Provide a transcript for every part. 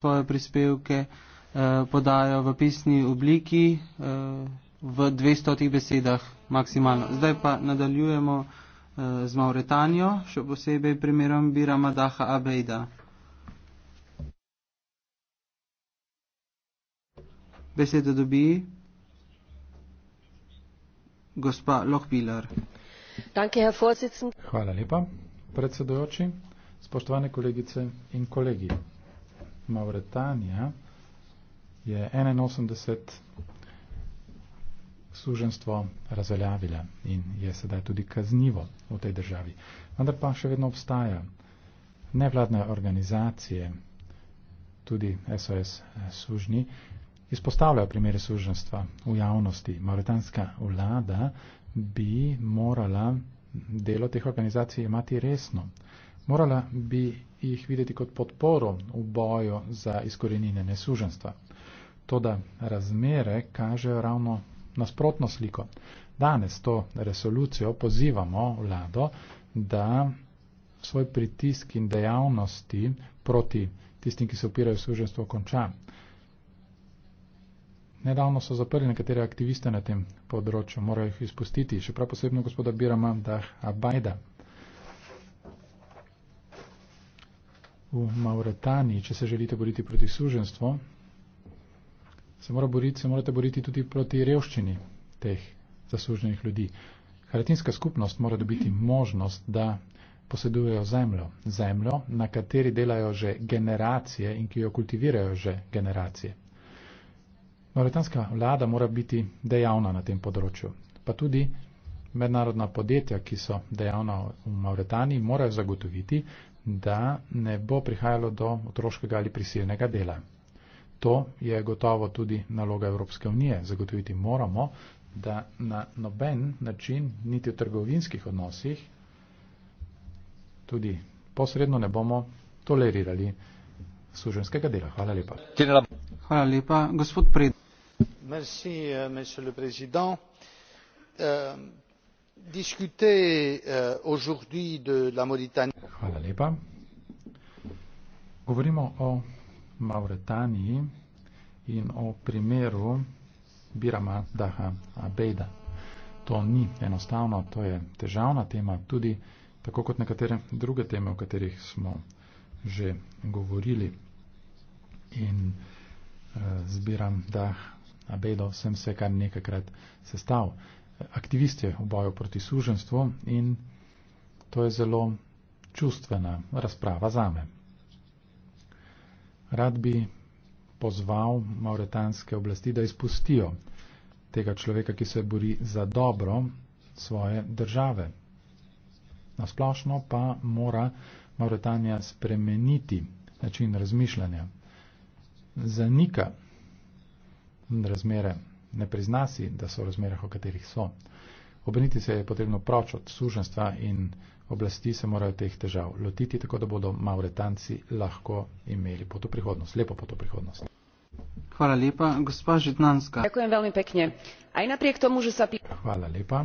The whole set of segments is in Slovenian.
svoje prispevke eh, podajo v pisni obliki eh, v 200 besedah maksimalno. Zdaj pa nadaljujemo eh, z Mauretanijo, še posebej primerom Birama Daha Abejda. Beseda dobi gospa Lohbilar. Hvala lepa, predsedojoči, spoštovane kolegice in kolegi. Mauretanija je 81 suženstvo razveljavila in je sedaj tudi kaznivo v tej državi. Vendar pa še vedno obstaja nevladne organizacije, tudi SOS sužni, izpostavljajo primere suženstva v javnosti. Mauretanska vlada bi morala delo teh organizacij imati resno. Morala bi jih videti kot podporo v boju za izkorenine nesuženstva. Toda razmere kažejo ravno nasprotno sliko. Danes to resolucijo pozivamo vlado, da svoj pritisk in dejavnosti proti tistim, ki se upirajo suženstvo, konča. Nedavno so zaprli nekatere aktiviste na tem področju, morajo jih izpustiti, še prav posebno gospoda Birama Dah Abajda. v Mauretaniji, če se želite boriti proti suženstvu, se, mora boriti, se morate boriti tudi proti revščini teh zasuženih ljudi. Haratinska skupnost mora dobiti možnost, da posedujejo zemljo. Zemljo, na kateri delajo že generacije in ki jo kultivirajo že generacije. Mauretanska vlada mora biti dejavna na tem področju. Pa tudi mednarodna podjetja, ki so dejavna v Mauretaniji, morajo zagotoviti, da ne bo prihajalo do otroškega ali prisilnega dela. To je gotovo tudi naloga Evropske unije. Zagotoviti moramo, da na noben način, niti v trgovinskih odnosih, tudi posredno ne bomo tolerirali suženskega dela. Hvala lepa. Hvala lepa. Gospod Pred. Merci, euh, discuter euh, aujourd'hui de la Mauritanie. Govorimo o Mauritaniji in o primeru Birama Daha Abeida. To ni enostavno, to je težavna tema, tudi tako kot nekatere druge teme, o katerih smo že govorili. In eh, z Biram Daha Abeido sem se kar nekakrat sestal aktivist je v boju proti suženstvu in to je zelo čustvena razprava zame. Rad bi pozval mauretanske oblasti, da izpustijo tega človeka, ki se bori za dobro svoje države. Nasplošno pa mora Mauretanija spremeniti način razmišljanja. Zanika razmere ne prizna si, da so v razmerah, v katerih so. Obrniti se je potrebno proč od suženstva in oblasti se morajo teh težav lotiti, tako da bodo mauretanci lahko imeli potu prihodnost, lepo potu prihodnost. Hvala lepa, gospa Židnanska. Takujem veľmi pekne. Aj napriek tomu, že sa... Hvala lepa.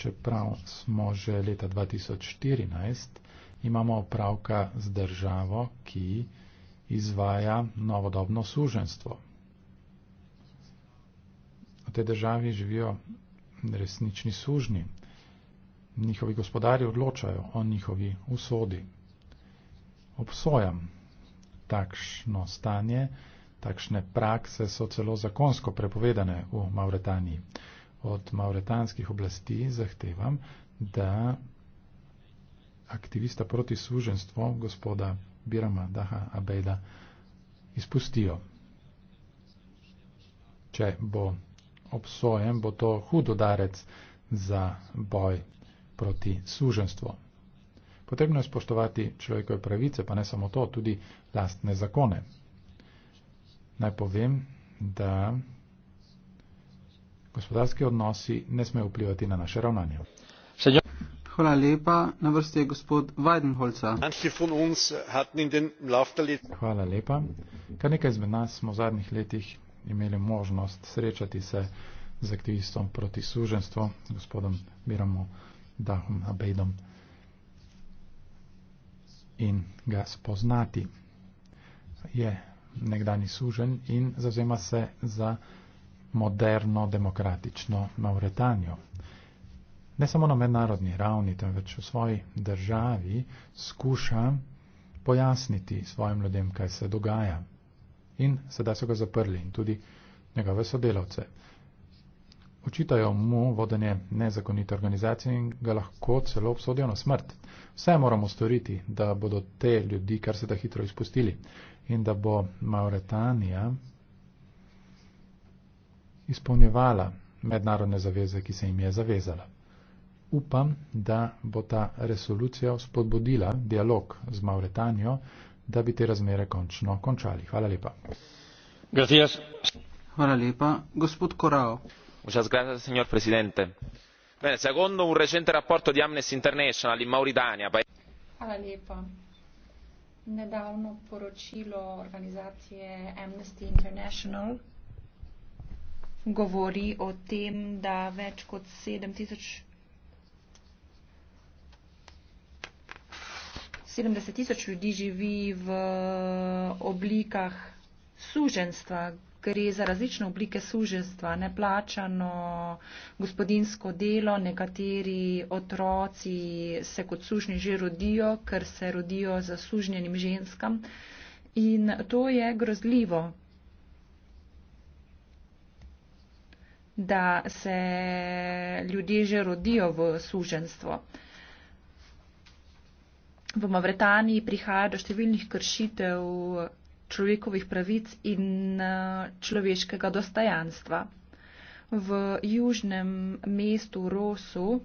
Čeprav smo že leta 2014, imamo opravka z državo, ki izvaja novodobno suženstvo tej državi živijo resnični sužni. Njihovi gospodari odločajo o njihovi usodi. Obsojam takšno stanje, takšne prakse so celo zakonsko prepovedane v Mauretaniji. Od mauretanskih oblasti zahtevam, da aktivista proti suženstvu gospoda Birama Daha Abeida izpustijo. Če bo obsojen, bo to hud udarec za boj proti suženstvu. Potrebno je spoštovati človekove pravice, pa ne samo to, tudi lastne zakone. Naj povem, da gospodarski odnosi ne smejo vplivati na naše ravnanje. Hvala lepa. Na vrsti je gospod Weidenholzer. Hvala lepa. Kar nekaj izmed nas smo v zadnjih letih imeli možnost srečati se z aktivistom proti suženstvu, gospodom Miramo Dahom Abejdom in ga spoznati. Je nekdani sužen in zazema se za moderno, demokratično Mauretanijo. Ne samo na mednarodni ravni, temveč v svoji državi skuša pojasniti svojim ljudem, kaj se dogaja in sedaj so ga zaprli in tudi njegove sodelavce. Učitajo mu vodenje nezakonite organizacije in ga lahko celo obsodijo na smrt. Vse moramo storiti, da bodo te ljudi kar se da hitro izpustili in da bo Mauretanija izpolnjevala mednarodne zaveze, ki se jim je zavezala. Upam, da bo ta resolucija spodbudila dialog z Mauretanijo, da bi te razmere končno končali. Hvala lepa. Gracias. Hvala lepa. Gospod Korao. Muchas gracias, señor presidente. Bene, secondo un recente rapporto di Amnesty International in Mauritania. Pa... Hvala lepa. Nedavno poročilo organizacije Amnesty International govori o tem, da več kot 7000 70 tisoč ljudi živi v oblikah suženstva, gre za različne oblike suženstva, neplačano gospodinsko delo, nekateri otroci se kot sužni že rodijo, ker se rodijo za sužnjenim ženskam in to je grozljivo. da se ljudje že rodijo v suženstvo v Mavretaniji prihaja do številnih kršitev človekovih pravic in eh, človeškega dostajanstva. V južnem mestu Rosu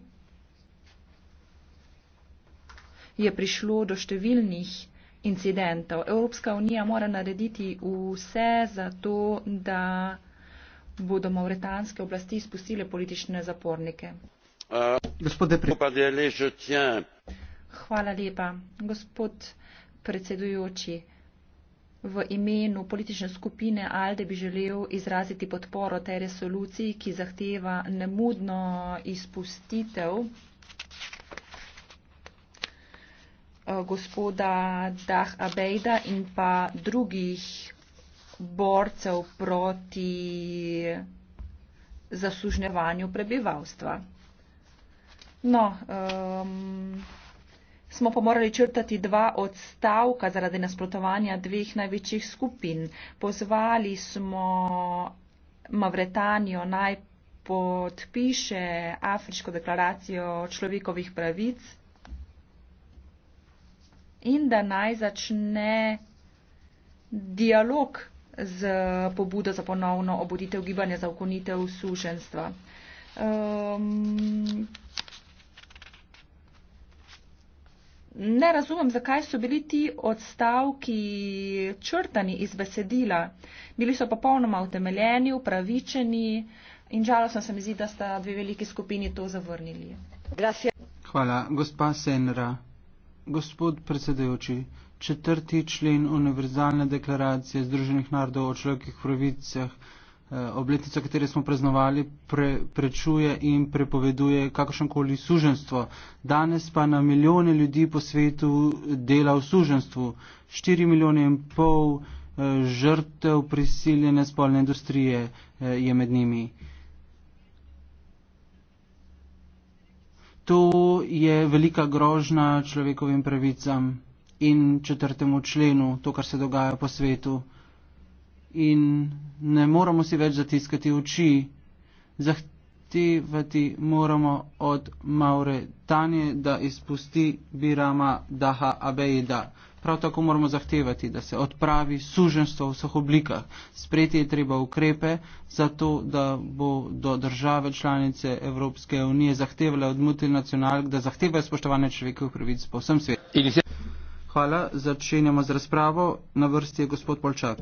je prišlo do številnih incidentov. Evropska unija mora narediti vse za to, da bodo mauretanske oblasti spustile politične zapornike. Uh, Gospod Deprez. Hvala lepa, gospod predsedujoči. V imenu politične skupine Alde bi želel izraziti podporo tej resoluciji, ki zahteva nemudno izpustitev eh, gospoda Dah Abejda in pa drugih borcev proti zasužnevanju prebivalstva. No, um, smo pa morali črtati dva odstavka zaradi nasprotovanja dveh največjih skupin. Pozvali smo Mavretanijo naj podpiše Afriško deklaracijo človekovih pravic in da naj začne dialog z pobudo za ponovno obuditev gibanja za okonitev suženstva. Um, ehm, ne razumem, zakaj so bili ti odstavki črtani iz besedila. Bili so popolnoma utemeljeni, upravičeni in žalostno se mi zdi, da sta dve veliki skupini to zavrnili. Gracias. Hvala, gospa Senra. Gospod predsedujoči, četrti člen univerzalne deklaracije Združenih narodov o človekih pravicah. Eh, obletnico, katere smo praznovali, pre, prečuje in prepoveduje kakršnokoli suženstvo. Danes pa na milijone ljudi po svetu dela v suženstvu. 4 milijone in pol eh, žrtev prisiljene spolne industrije eh, je med njimi. To je velika grožna človekovim pravicam in četrtemu členu, to, kar se dogaja po svetu in ne moramo si več zatiskati oči. Zahtevati moramo od Maure Tanje, da izpusti Birama Daha Abejda. Prav tako moramo zahtevati, da se odpravi suženstvo v vseh oblikah. Sprejeti je treba ukrepe, zato da bo do države članice Evropske unije zahtevala od multinacionalk, da zahtevajo spoštovanje človekovih pravic po vsem svetu. Hvala, začenjamo z razpravo. Na vrsti je gospod Polčak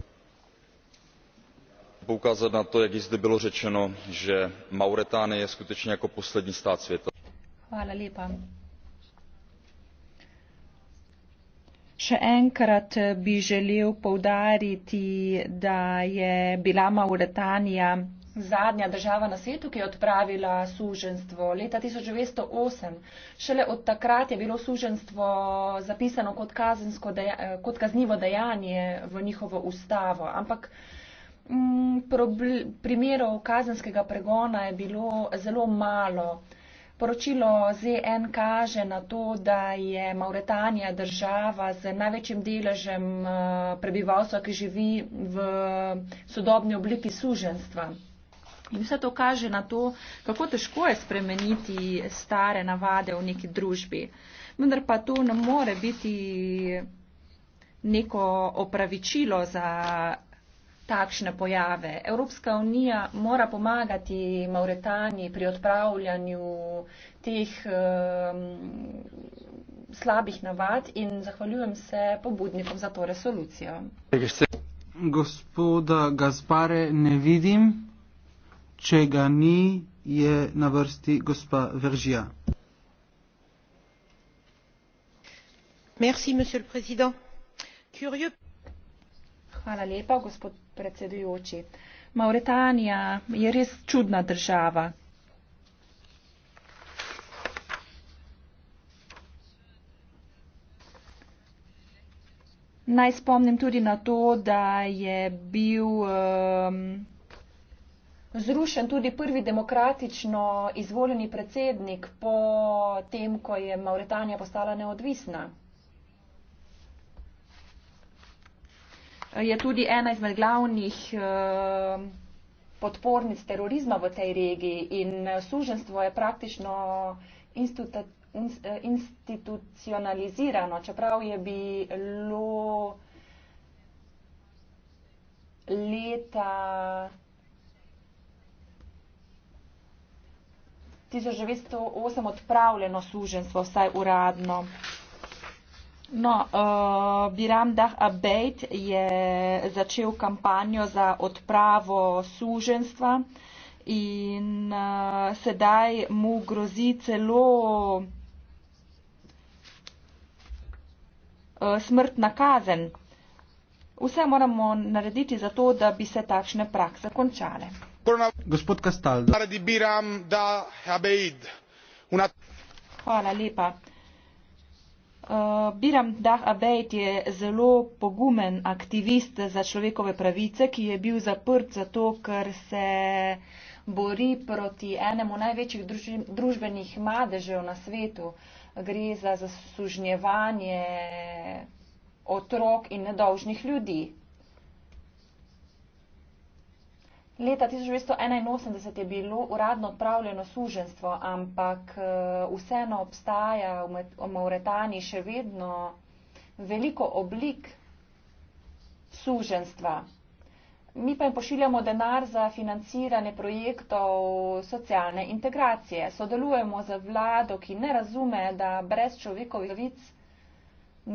poukázat na to jak již zde bylo řečeno že mauritánie je skutečně jako poslední stát světa Še enkrat bi želel poudariti, da je bila Mauretanija zadnja država na svetu, ki je odpravila suženstvo leta 1908. Šele od takrat je bilo suženstvo zapisano kot, kot kaznivo dejanje v njihovo ustavo. Ampak Mm, primerov kazenskega pregona je bilo zelo malo. Poročilo ZN kaže na to, da je Mauretanija država z največjim deležem eh, prebivalstva, ki živi v sodobni obliki suženstva. In vse to kaže na to, kako težko je spremeniti stare navade v neki družbi. Vendar pa to ne more biti neko opravičilo za takšne pojave. Evropska unija mora pomagati Mauretaniji pri odpravljanju teh um, slabih navad in zahvaljujem se pobudnikom za to resolucijo. Gospoda Gaspare ne vidim, če ga ni, je na vrsti gospa Veržija. Merci, monsieur le président. Curieux. Hvala lepa, gospod predsedujoči. Mauretanija je res čudna država. Naj spomnim tudi na to, da je bil um, zrušen tudi prvi demokratično izvoljeni predsednik po tem, ko je Mauretanija postala neodvisna. je tudi ena izmed glavnih eh, podpornic terorizma v tej regiji in eh, suženstvo je praktično eh, institucionalizirano, čeprav je bilo leta 1908 odpravljeno suženstvo, vsaj uradno. No, uh, Biram Dah Abed je začel kampanjo za odpravo suženstva in uh, sedaj mu grozi celo uh, smrtna kazen. Vse moramo narediti za to, da bi se takšne prakse končale. Gospod Kastaldo. Hvala lepa. Biram Dah Abejt je zelo pogumen aktivist za človekove pravice, ki je bil zaprt zato, ker se bori proti enemu največjih družbenih madežev na svetu. Gre za zasužnjevanje otrok in nedolžnih ljudi. Leta 1981 je bilo uradno odpravljeno suženstvo, ampak eh, vseeno obstaja v Mauretani še vedno veliko oblik suženstva. Mi pa jim pošiljamo denar za financiranje projektov socialne integracije. Sodelujemo z vlado, ki ne razume, da brez človekovih pravic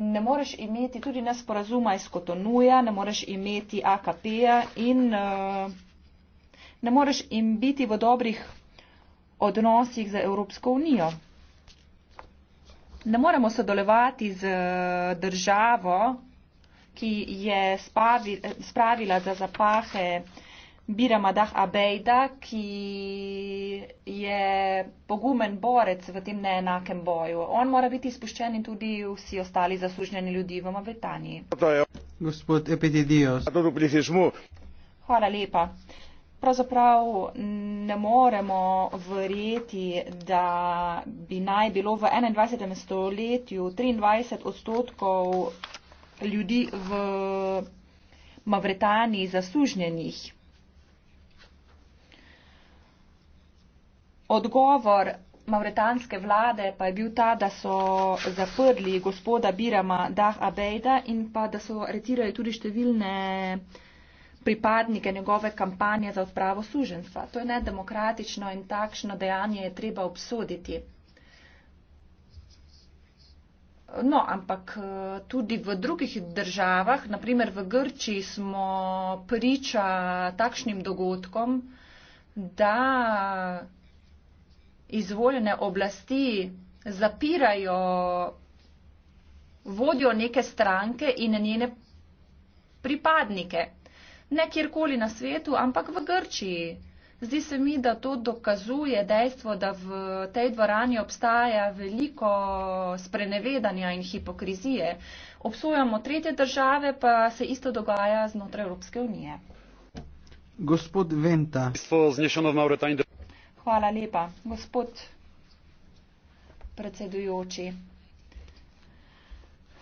ne moreš imeti tudi nesporazuma iz Kotonuja, ne moreš imeti AKP-ja in. Uh, ne moreš jim biti v dobrih odnosih z Evropsko unijo. Ne moremo sodelovati z eh, državo, ki je spavi, eh, spravila za zapahe Birama Dah Abejda, ki je pogumen borec v tem neenakem boju. On mora biti izpuščen in tudi vsi ostali zaslužnjeni ljudi v Mavetaniji. Gospod Epididios. Hvala lepa pravzaprav ne moremo verjeti, da bi naj bilo v 21. stoletju 23 odstotkov ljudi v Mavretaniji zasužnjenih. Odgovor mavretanske vlade pa je bil ta, da so zaprli gospoda Birama Dah Abejda in pa da so retirali tudi številne pripadnike njegove kampanje za odpravo suženstva. To je nedemokratično in takšno dejanje je treba obsoditi. No, ampak eh, tudi v drugih državah, naprimer v Grčiji, smo priča takšnim dogodkom, da izvoljene oblasti zapirajo vodjo neke stranke in njene pripadnike ne kjerkoli na svetu, ampak v Grčiji. Zdi se mi, da to dokazuje dejstvo, da v tej dvorani obstaja veliko sprenevedanja in hipokrizije. Obsojamo tretje države, pa se isto dogaja znotraj Evropske unije. Gospod Venta. Hvala lepa, gospod predsedujoči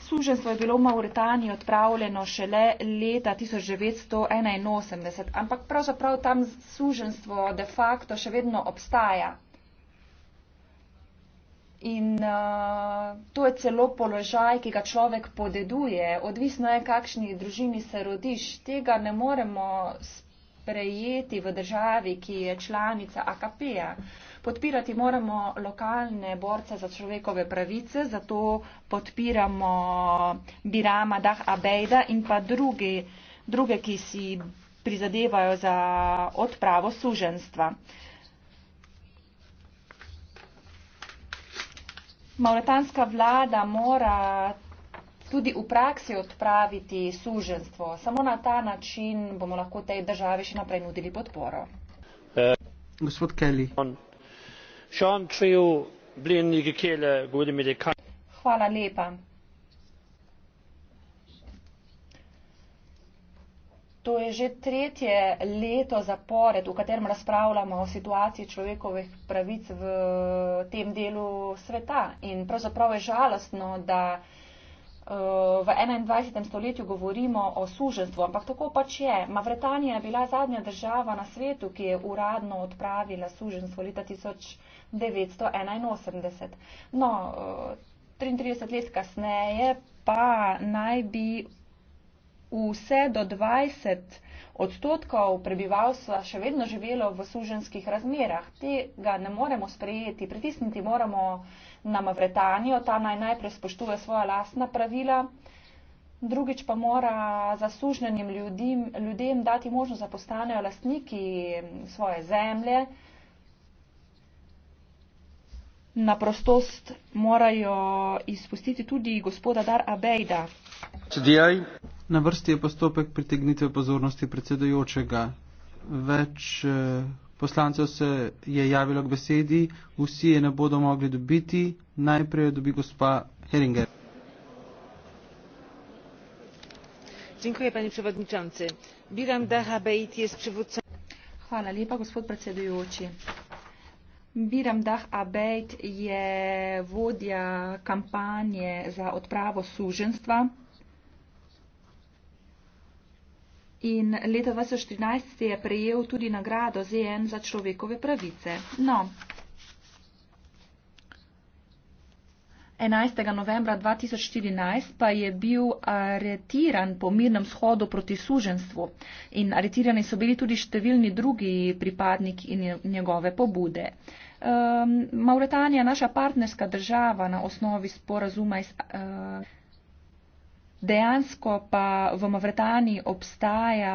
suženstvo je bilo v Mauritaniji odpravljeno šele leta 1981, ampak pravzaprav tam suženstvo de facto še vedno obstaja. In uh, to je celo položaj, ki ga človek podeduje. Odvisno je, kakšni družini se rodiš. Tega ne moremo sprejeti v državi, ki je članica AKP-ja. Podpirati moramo lokalne borce za človekove pravice, zato podpiramo Birama Dah Abejda in pa druge, druge ki si prizadevajo za odpravo suženstva. Mauretanska vlada mora tudi v praksi odpraviti suženstvo. Samo na ta način bomo lahko tej državi še naprej nudili podporo. Eh, gospod Kelly. On to je že tretje leto zapored v katerem razpravljamo o situaciji človekovih pravic v tem delu sveta in pravzaprav je žalostno da Eh, v 21. stoletju govorimo o suženstvu, ampak tako pač je. Mavretanija je bila zadnja država na svetu, ki je uradno odpravila suženstvo leta 1981. No, 33 eh, let kasneje pa naj bi vse do 20 odstotkov prebivalstva še vedno živelo v suženskih razmerah. Tega ne moremo sprejeti. Pritisniti moramo na Mavretanijo, ta naj najprej spoštuje svoja lastna pravila. Drugič pa mora zasužnenim ljudim, ljudem dati možnost, da postanejo lastniki svoje zemlje. Na prostost morajo izpustiti tudi gospoda Dar Abejda. Na vrsti je postopek pritegnitve pozornosti predsedujočega. Več eh, poslancev se je javilo k besedi, vsi je ne bodo mogli dobiti. Najprej dobi gospa Heringer. Dziękuję panie przewodniczący. Biram Daha Beit jest przywódcą. Hvala lepa, gospod predsedujoči. Biram Dah Abeit je vodja kampanje za odpravo suženstva. In leta 2014 je prejel tudi nagrado ZN za človekove pravice. No. 11. novembra 2014 pa je bil aretiran po mirnem shodu proti suženstvu in aretirani so bili tudi številni drugi pripadniki in njegove pobude. Um, Mauretanija, naša partnerska država na osnovi sporazuma iz. Uh, dejansko pa v Mavretaniji obstaja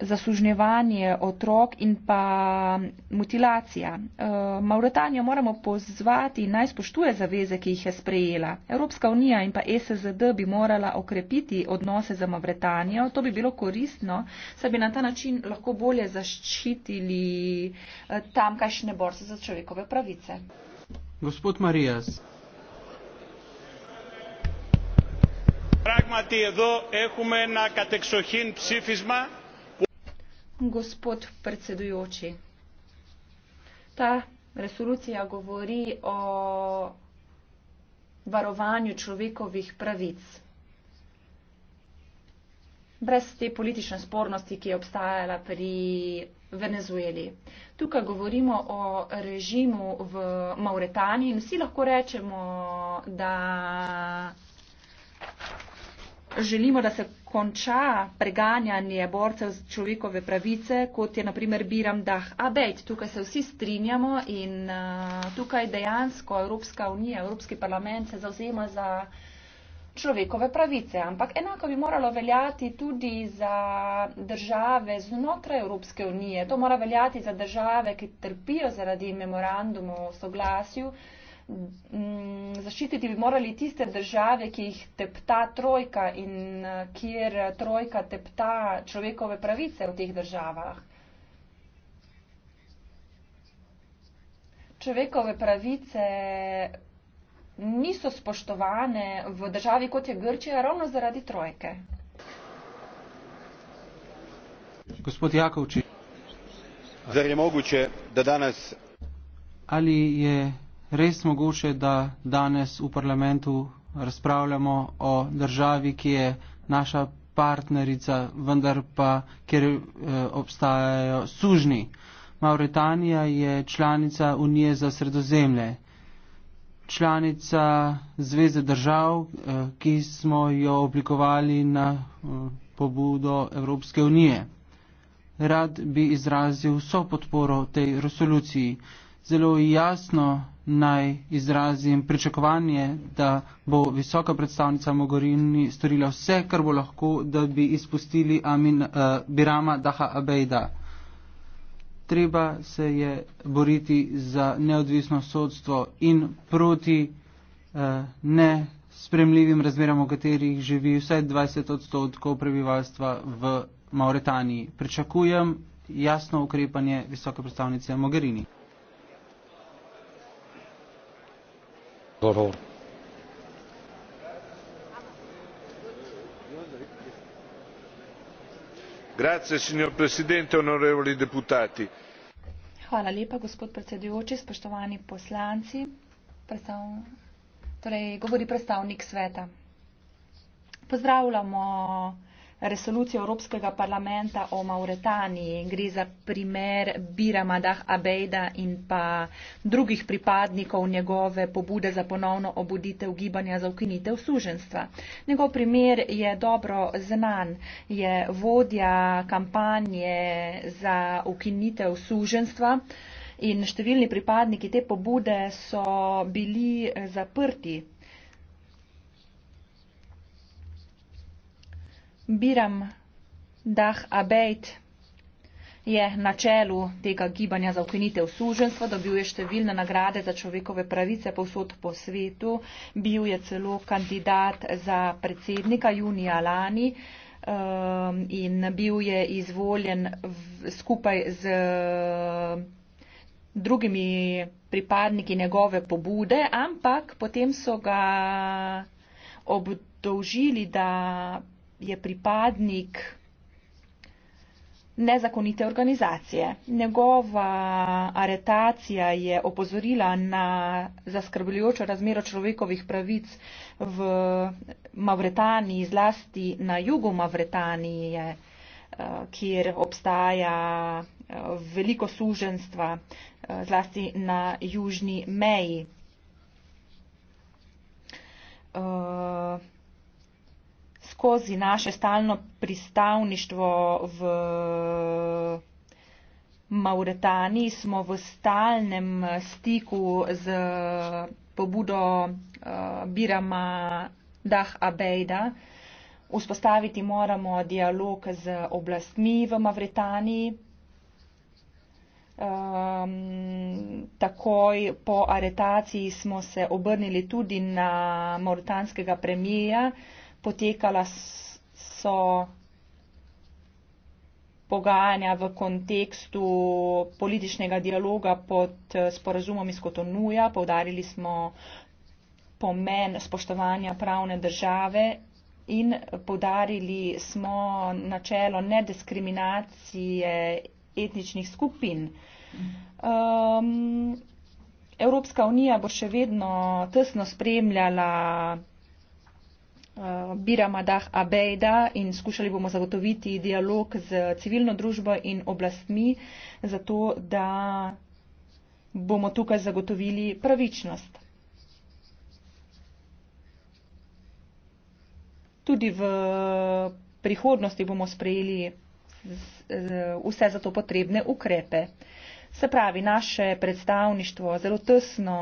zasužnjevanje otrok in pa mutilacija. Eh, Mauretanijo moramo pozvati naj spoštuje zaveze, ki jih je sprejela. Evropska unija in pa SZD bi morala okrepiti odnose za Mauretanijo. To bi bilo koristno, saj bi na ta način lahko bolje zaščitili eh, tamkajšnje borce za človekove pravice. Gospod Marijas, Πράγματι εδώ έχουμε ένα κατεξοχήν ψήφισμα. Господ председуючи, та резолюція говорі о варуванню чоловікових правіць. Brez te politične spornosti, ki je obstajala pri Venezueli. Tukaj govorimo o režimu v Mauretaniji in vsi lahko rečemo, da želimo, da se konča preganjanje borcev z človekove pravice, kot je naprimer Biram Dah Abejt. Tukaj se vsi strinjamo in uh, tukaj dejansko Evropska unija, Evropski parlament se zauzema za človekove pravice. Ampak enako bi moralo veljati tudi za države znotraj Evropske unije. To mora veljati za države, ki trpijo zaradi memorandumov o soglasju. Mm, zaščititi bi morali tiste države, ki jih tepta trojka in eh, kjer trojka tepta človekove pravice v teh državah. Človekove pravice niso spoštovane v državi kot je Grčija ravno zaradi trojke. Gospod Jakovči, zar je moguće da danas ali je res mogoče, da danes v parlamentu razpravljamo o državi, ki je naša partnerica, vendar pa kjer eh, obstajajo sužni. Mauritanija je članica Unije za sredozemlje, članica Zveze držav, eh, ki smo jo oblikovali na eh, pobudo Evropske unije. Rad bi izrazil so podporo tej resoluciji. Zelo jasno naj izrazim pričakovanje, da bo visoka predstavnica Mogorini storila vse, kar bo lahko, da bi izpustili Amin, uh, Birama Daha Abejda. Treba se je boriti za neodvisno sodstvo in proti uh, eh, ne spremljivim razmeram, v katerih živi vse 20 odstotkov prebivalstva v Mauretaniji. Pričakujem jasno ukrepanje visoke predstavnice Mogherini. favor. signor presidente onorevoli deputati hvala lepa gospod predsedujoči spoštovani poslanci predstavn... torej govori predstavnik sveta pozdravljamo resolucijo Evropskega parlamenta o Mauretaniji. Gre za primer Bira Madah Abejda in pa drugih pripadnikov njegove pobude za ponovno obuditev gibanja za ukinitev suženstva. Njegov primer je dobro znan, je vodja kampanje za ukinitev suženstva. In številni pripadniki te pobude so bili zaprti Biram Dah Abejt je na čelu tega gibanja za ukinitev suženstva, dobil je številne nagrade za človekove pravice povsod po svetu, bil je celo kandidat za predsednika junija lani um, in bil je izvoljen skupaj z drugimi pripadniki njegove pobude, ampak potem so ga obdolžili, da je pripadnik nezakonite organizacije. Njegova aretacija je opozorila na zaskrbljujočo razmero človekovih pravic v Mavretaniji, zlasti na jugu Mavretanije, eh, kjer obstaja eh, veliko suženstva, eh, zlasti na južni meji skozi naše stalno pristavništvo v Mauretaniji smo v stalnem stiku z pobudo eh, Birama Dah Abejda. Vzpostaviti moramo dialog z oblastmi v Mauretaniji. Um, takoj po aretaciji smo se obrnili tudi na mauritanskega premijeja. Uh, potekala so pogajanja v kontekstu političnega dialoga pod eh, sporazumom iz Kotonuja. Povdarili smo pomen spoštovanja pravne države in povdarili smo načelo nediskriminacije etničnih skupin. Um, Evropska unija bo še vedno tesno spremljala Biramadah Abejda in skušali bomo zagotoviti dialog z civilno družbo in oblastmi, zato da bomo tukaj zagotovili pravičnost. Tudi v prihodnosti bomo sprejeli vse za to potrebne ukrepe. Se pravi, naše predstavništvo zelo tesno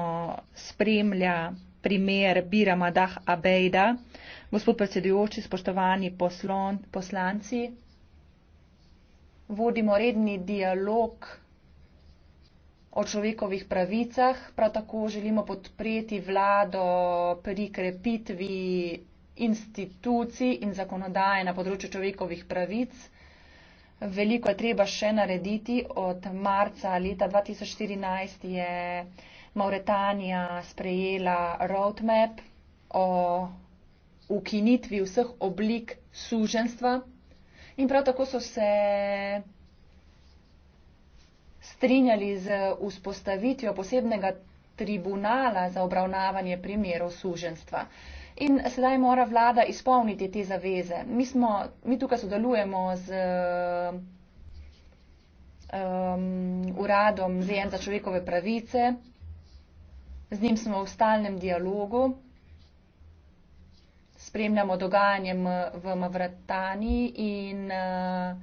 spremlja primer Biramadah Abejda. Gospod predsedujoči, spoštovani poslon, poslanci, vodimo redni dialog o človekovih pravicah, prav tako želimo podpreti vlado pri krepitvi institucij in zakonodaje na področju človekovih pravic. Veliko je treba še narediti. Od marca leta 2014 je Mauretanija sprejela roadmap o ukinitvi vseh oblik suženstva. In prav tako so se strinjali z vzpostavitvijo posebnega tribunala za obravnavanje primerov suženstva. In sedaj mora vlada izpolniti te zaveze. Mi, smo, mi tukaj sodelujemo z um, uradom ZN za človekove pravice, z njim smo v stalnem dialogu spremljamo dogajanje eh, v Mavratani in eh,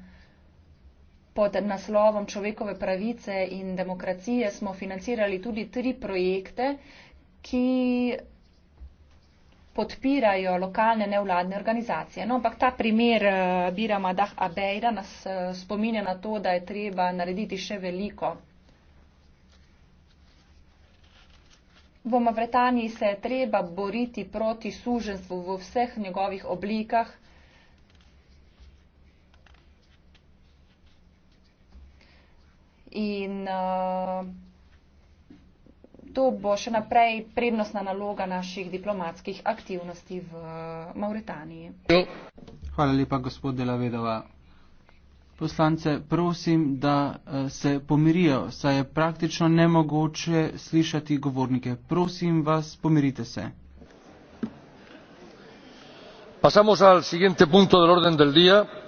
pod naslovom človekove pravice in demokracije smo financirali tudi tri projekte, ki podpirajo lokalne nevladne organizacije. No, ampak ta primer eh, Bira Madah Abeira nas spominja na to, da je treba narediti še veliko. V Mavretaniji se je treba boriti proti suženstvu v vseh njegovih oblikah. In uh, to bo še naprej prednostna naloga naših diplomatskih aktivnosti v eh, Mauretaniji. Hvala lepa, gospod Delavedova poslance prosim, da eh, se pomirijo, saj je praktično nemogoče slišati govornike. Prosim vas, pomirite se. Pasamos al siguiente punto del orden del día.